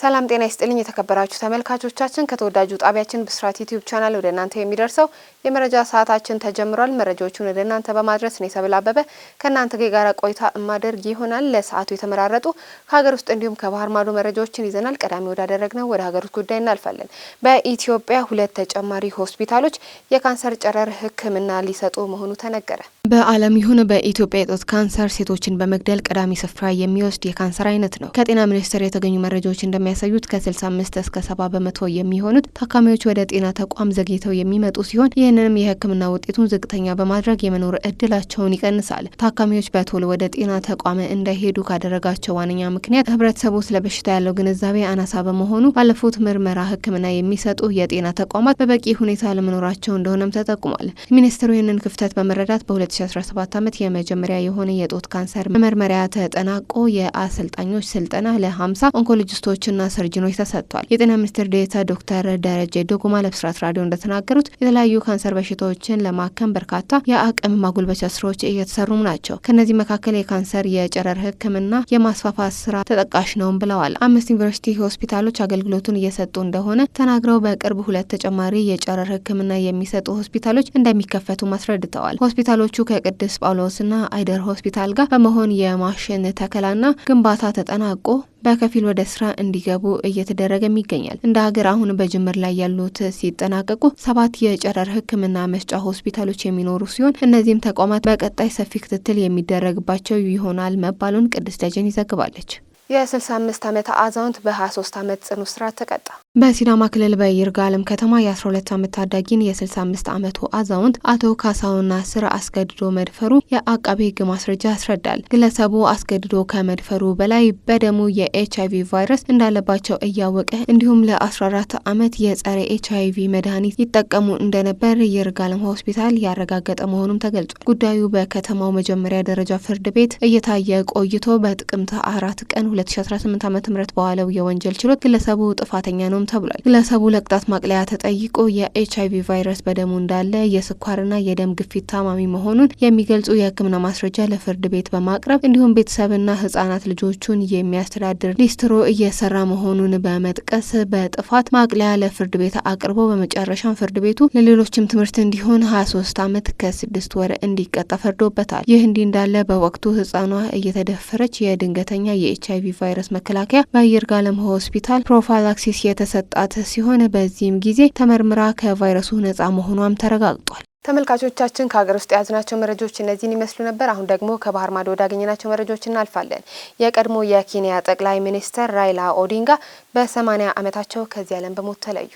ሰላም ጤና ይስጥልኝ የተከበራችሁ ተመልካቾቻችን፣ ከተወዳጁ ጣቢያችን ብስራት ዩቲዩብ ቻናል ወደ እናንተ የሚደርሰው የመረጃ ሰዓታችን ተጀምሯል። መረጃዎቹን ወደ እናንተ በማድረስ እኔ ሰብል አበበ ከእናንተ ጋር ቆይታ እማደርግ ይሆናል። ለሰዓቱ የተመራረጡ ከሀገር ውስጥ እንዲሁም ከባህር ማዶ መረጃዎችን ይዘናል። ቀዳሚ ወዳደረግነው ወደ ሀገር ውስጥ ጉዳይ እናልፋለን። በኢትዮጵያ ሁለት ተጨማሪ ሆስፒታሎች የካንሰር ጨረር ሕክምና ሊሰጡ መሆኑ ተነገረ። በዓለም ይሁን በኢትዮጵያ የጡት ካንሰር ሴቶችን በመግደል ቀዳሚ ስፍራ የሚወስድ የካንሰር አይነት ነው። ከጤና ሚኒስቴር የተገኙ መረጃዎች እንደሚያሳዩት ከ65 እስከ 70 በመቶ የሚሆኑት ታካሚዎች ወደ ጤና ተቋም ዘግይተው የሚመጡ ሲሆን ይህንንም የሕክምና ውጤቱን ዝቅተኛ በማድረግ የመኖር እድላቸውን ይቀንሳል። ታካሚዎች በቶሎ ወደ ጤና ተቋም እንዳይሄዱ ካደረጋቸው ዋነኛ ምክንያት ሕብረተሰቡ ስለ በሽታ ያለው ግንዛቤ አናሳ በመሆኑ ባለፉት ምርመራ ሕክምና የሚሰጡ የጤና ተቋማት በበቂ ሁኔታ ለመኖራቸው እንደሆነም ተጠቁሟል። ሚኒስትሩ ይህንን ክፍተት በመረዳት በ 2017 ዓመት የመጀመሪያ የሆነ የጡት ካንሰር መመርመሪያ ተጠናቆ የአሰልጣኞች ስልጠና ለ50 ኦንኮሎጂስቶችና ሰርጅኖች ተሰጥቷል። የጤና ሚኒስትር ዴታ ዶክተር ደረጀ ዶጉማ ለብስራት ራዲዮ እንደተናገሩት የተለያዩ ካንሰር በሽታዎችን ለማከም በርካታ የአቅም ማጉልበቻ ስራዎች እየተሰሩም ናቸው። ከእነዚህ መካከል የካንሰር የጨረር ህክምና የማስፋፋት ስራ ተጠቃሽ ነውም ብለዋል። አምስት ዩኒቨርሲቲ ሆስፒታሎች አገልግሎቱን እየሰጡ እንደሆነ ተናግረው በቅርብ ሁለት ተጨማሪ የጨረር ህክምና የሚሰጡ ሆስፒታሎች እንደሚከፈቱ አስረድተዋል። ሆስፒታሎቹ ከቅዱስ ጳውሎስና አይደር ሆስፒታል ጋር በመሆን የማሽን ተከላና ግንባታ ተጠናቆ በከፊል ወደ ስራ እንዲገቡ እየተደረገም ይገኛል። እንደ ሀገር አሁን በጅምር ላይ ያሉት ሲጠናቀቁ ሰባት የጨረር ሕክምና መስጫ ሆስፒታሎች የሚኖሩ ሲሆን እነዚህም ተቋማት በቀጣይ ሰፊ ክትትል የሚደረግባቸው ይሆናል መባሉን ቅድስት ደጀን ይዘግባለች። የ65 ዓመት አዛውንት በ23 ዓመት ጽኑ እስራት ተቀጣ። በሲዳማ ክልል በይርጋለም ከተማ የ12 ዓመት ታዳጊን የ65 ዓመቱ አዛውንት አቶ ካሳሁን ናስር አስገድዶ መድፈሩ የአቃቤ ሕግ ማስረጃ ያስረዳል። ግለሰቡ አስገድዶ ከመድፈሩ በላይ በደሙ የኤች አይቪ ቫይረስ እንዳለባቸው እያወቀ እንዲሁም ለ14 ዓመት የጸረ ኤች አይቪ መድኃኒት ይጠቀሙ እንደነበር የይርጋለም ሆስፒታል ያረጋገጠ መሆኑም ተገልጿል። ጉዳዩ በከተማው መጀመሪያ ደረጃ ፍርድ ቤት እየታየ ቆይቶ በጥቅምት አራት ቀን 2018 ዓ ም በዋለው የወንጀል ችሎት ግለሰቡ ጥፋተኛ ነው ነውም ተብሏል። ግለሰቡ ለቅጣት ማቅለያ ተጠይቆ የኤች አይቪ ቫይረስ በደሙ እንዳለ የስኳርና የደም ግፊት ታማሚ መሆኑን የሚገልጹ የሕክምና ማስረጃ ለፍርድ ቤት በማቅረብ እንዲሁም ቤተሰብና ህጻናት ልጆቹን የሚያስተዳድር ሊስትሮ እየሰራ መሆኑን በመጥቀስ በጥፋት ማቅለያ ለፍርድ ቤት አቅርቦ በመጨረሻም ፍርድ ቤቱ ለሌሎችም ትምህርት እንዲሆን 23 ዓመት ከስድስት ወር እንዲቀጣ ፈርዶበታል። ይህ እንዲህ እንዳለ በወቅቱ ህጻኗ እየተደፈረች የድንገተኛ የኤች አይቪ ቫይረስ መከላከያ በይርጋለም ሆስፒታል ፕሮፋላክሲስ የተሰ የተሰጣት ሲሆን በዚህም ጊዜ ተመርምራ ከቫይረሱ ነጻ መሆኗም ተረጋግጧል። ተመልካቾቻችን ከሀገር ውስጥ የያዝናቸው መረጃዎች እነዚህን ይመስሉ ነበር። አሁን ደግሞ ከባህር ማዶ ወዳገኘናቸው መረጃዎች እናልፋለን። የቀድሞ የኬንያ ጠቅላይ ሚኒስትር ራይላ ኦዲንጋ በሰማኒያ ዓመታቸው ከዚህ ዓለም በሞት ተለዩ።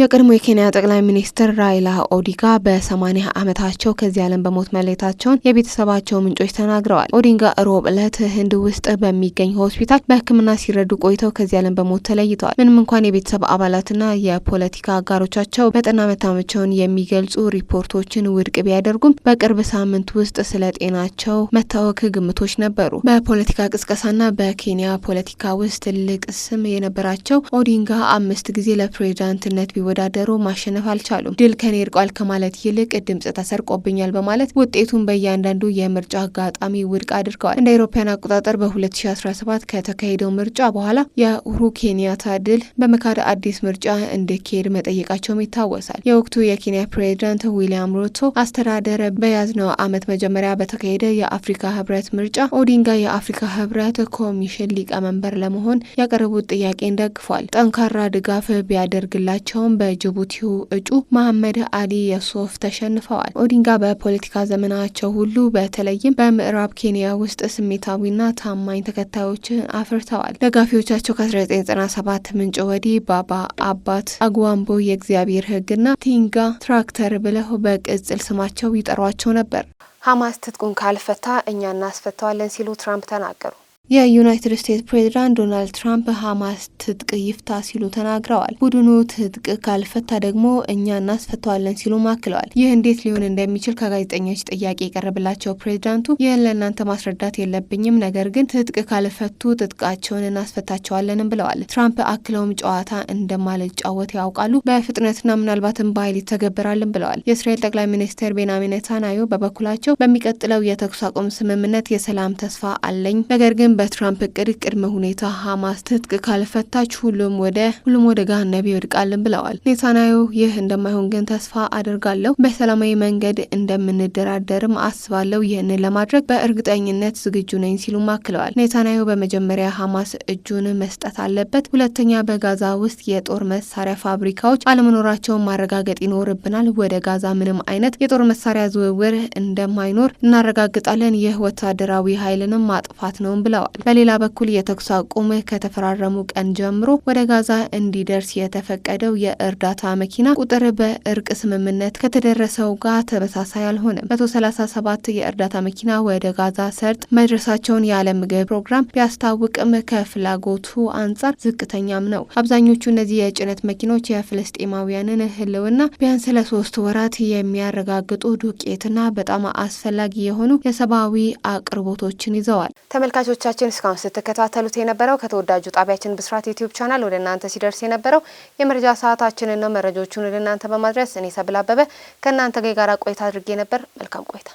የቀድሞ የኬንያ ጠቅላይ ሚኒስትር ራይላ ኦዲንጋ በሰማኒያ ዓመታቸው ከዚህ ዓለም በሞት መለየታቸውን የቤተሰባቸው ምንጮች ተናግረዋል። ኦዲንጋ ሮብ ዕለት ህንድ ውስጥ በሚገኝ ሆስፒታል በሕክምና ሲረዱ ቆይተው ከዚህ ዓለም በሞት ተለይተዋል። ምንም እንኳን የቤተሰብ አባላትና የፖለቲካ አጋሮቻቸው በጠና መታመቸውን የሚገልጹ ሪፖርቶችን ውድቅ ቢያደርጉም በቅርብ ሳምንት ውስጥ ስለ ጤናቸው መታወክ ግምቶች ነበሩ። በፖለቲካ ቅስቀሳና በኬንያ ፖለቲካ ውስጥ ትልቅ ስም የነበራቸው ኦዲንጋ አምስት ጊዜ ለፕሬዝዳንትነት ሲወዳደሩ ማሸነፍ አልቻሉም። ድል ከኔ ርቋል ከማለት ይልቅ ድምጽ ተሰርቆብኛል በማለት ውጤቱን በእያንዳንዱ የምርጫ አጋጣሚ ውድቅ አድርገዋል። እንደ አውሮፓውያን አቆጣጠር በ2017 ከተካሄደው ምርጫ በኋላ የኡሁሩ ኬንያታ ድል በመካድ አዲስ ምርጫ እንዲካሄድ መጠየቃቸውም ይታወሳል። የወቅቱ የኬንያ ፕሬዚዳንት ዊሊያም ሩቶ አስተዳደር በያዝነው ዓመት መጀመሪያ በተካሄደ የአፍሪካ ህብረት ምርጫ ኦዲንጋ የአፍሪካ ህብረት ኮሚሽን ሊቀመንበር ለመሆን ያቀረቡት ጥያቄን ደግፏል። ጠንካራ ድጋፍ ቢያደርግላቸውም በጅቡቲው እጩ መሐመድ አሊ የሱፍ ተሸንፈዋል። ኦዲንጋ በፖለቲካ ዘመናቸው ሁሉ በተለይም በምዕራብ ኬንያ ውስጥ ስሜታዊና ታማኝ ተከታዮችን አፍርተዋል። ደጋፊዎቻቸው ከ1997 ምንጭ ወዲህ ባባ አባት፣ አግዋምቦ፣ የእግዚአብሔር ሕግና ቲንጋ ትራክተር ብለው በቅጽል ስማቸው ይጠሯቸው ነበር። ሐማስ ትጥቁን ካልፈታ እኛ እናስፈተዋለን ሲሉ ትራምፕ ተናገሩ። የዩናይትድ ስቴትስ ፕሬዚዳንት ዶናልድ ትራምፕ ሀማስ ትጥቅ ይፍታ ሲሉ ተናግረዋል። ቡድኑ ትጥቅ ካልፈታ ደግሞ እኛ እናስፈተዋለን ሲሉ አክለዋል። ይህ እንዴት ሊሆን እንደሚችል ከጋዜጠኞች ጥያቄ የቀረብላቸው ፕሬዚዳንቱ ይህን ለእናንተ ማስረዳት የለብኝም፣ ነገር ግን ትጥቅ ካልፈቱ ትጥቃቸውን እናስፈታቸዋለንም ብለዋል። ትራምፕ አክለውም ጨዋታ እንደማልጫወት ያውቃሉ፣ በፍጥነትና ምናልባትም በኃይል ይተገበራልን ብለዋል። የእስራኤል ጠቅላይ ሚኒስትር ቤንያሚን ኔታንያሁ በበኩላቸው በሚቀጥለው የተኩስ አቁም ስምምነት የሰላም ተስፋ አለኝ ነገር ግን በትራምፕ እቅድ ቅድመ ሁኔታ ሀማስ ትጥቅ ካልፈታች ሁሉም ወደ ሁሉም ወደ ገሃነም ይወድቃልን ብለዋል። ኔታንያሁ ይህ እንደማይሆን ግን ተስፋ አድርጋለሁ፣ በሰላማዊ መንገድ እንደምንደራደርም አስባለሁ። ይህንን ለማድረግ በእርግጠኝነት ዝግጁ ነኝ ሲሉም አክለዋል። ኔታንያሁ በመጀመሪያ ሀማስ እጁን መስጠት አለበት፣ ሁለተኛ በጋዛ ውስጥ የጦር መሳሪያ ፋብሪካዎች አለመኖራቸውን ማረጋገጥ ይኖርብናል። ወደ ጋዛ ምንም አይነት የጦር መሳሪያ ዝውውር እንደማይኖር እናረጋግጣለን። ይህ ወታደራዊ ኃይልንም ማጥፋት ነውም ብለዋል። ብለዋል። በሌላ በኩል የተኩስ አቁም ከተፈራረሙ ቀን ጀምሮ ወደ ጋዛ እንዲደርስ የተፈቀደው የእርዳታ መኪና ቁጥር በእርቅ ስምምነት ከተደረሰው ጋር ተመሳሳይ አልሆነም። 137 የእርዳታ መኪና ወደ ጋዛ ሰርጥ መድረሳቸውን የዓለም ምግብ ፕሮግራም ቢያስታውቅም ከፍላጎቱ አንጻር ዝቅተኛም ነው። አብዛኞቹ እነዚህ የጭነት መኪኖች የፍልስጤማውያንን ህልውና ቢያንስ ለሶስት ወራት የሚያረጋግጡ ዱቄትና በጣም አስፈላጊ የሆኑ የሰብአዊ አቅርቦቶችን ይዘዋል። ተመልካቾቻችን ዝግጅታችን እስካሁን ስትከታተሉት የነበረው ከተወዳጁ ጣቢያችን ብስራት ዩቲዩብ ቻናል ወደ እናንተ ሲደርስ የነበረው የመረጃ ሰዓታችንን ነው። መረጃዎቹን ወደ እናንተ በማድረስ እኔ ሰብል አበበ ከእናንተ ጋር ቆይታ አድርጌ ነበር። መልካም ቆይታ